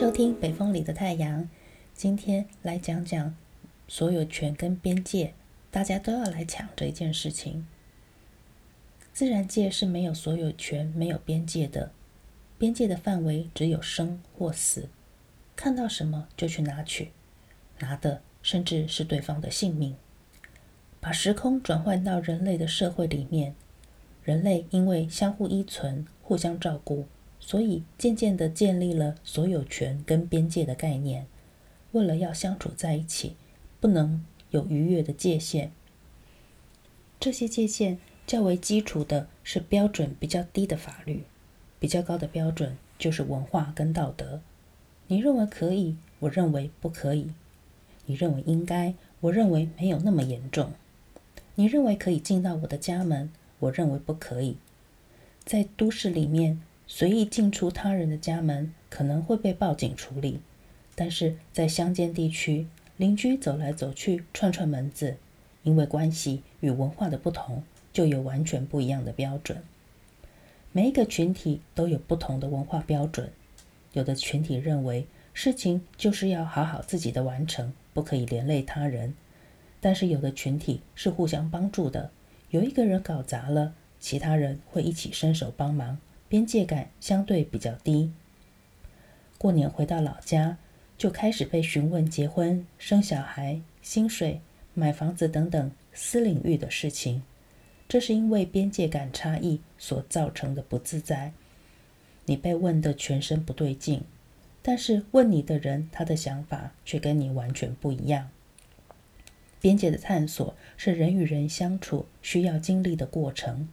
收聽北風裡的太陽，今天來講講所有權跟邊界，大家都要來搶這一件事情。自然界是沒有所有權、沒有邊界的，邊界的範圍只有生或死，看到什麼就去拿取，拿的甚至是對方的性命。把時空轉換到人類的社會裡面，人類因為相互依存、互相照顧。所以漸漸的建立了所有權跟邊界的概念。為了要相處在一起，不能有逾越的界限。這些界限較為基礎的是標準比較低的法律，比較高的標準就是文化跟道德。你認為可以，我認為不可以；你認為應該，我認為沒有那麼嚴重。你認為可以進到我的家門，我認為不可以。在都市裡面，隨意進出他人的家門，可能會被報警處理，但是在鄉間地區，鄰居走來走去串串門子，因為關係與文化的不同，就有完全不一樣的標準。每一個群體都有不同的文化標準，有的群體認為事情就是要好好自己的完成，不可以連累他人。但是有的群體是互相幫助的，有一個人搞砸了，其他人會一起伸手幫忙。邊界感相對比較低。過年回到老家，就開始被詢問結婚、生小孩、薪水、買房子等等私領域的事情。這是因為邊界感差異所造成的不自在。你被問得全身不對勁，但是問你的人他的想法卻跟你完全不一樣。邊界的探索是人與人相處需要經歷的過程，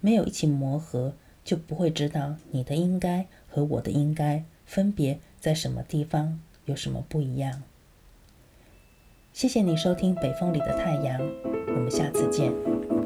沒有一起磨合。就不會知道你的應該和我的應該分別在什麼地方，有什麼不一樣。謝謝你收聽《北風裡的太陽》，我們下次見。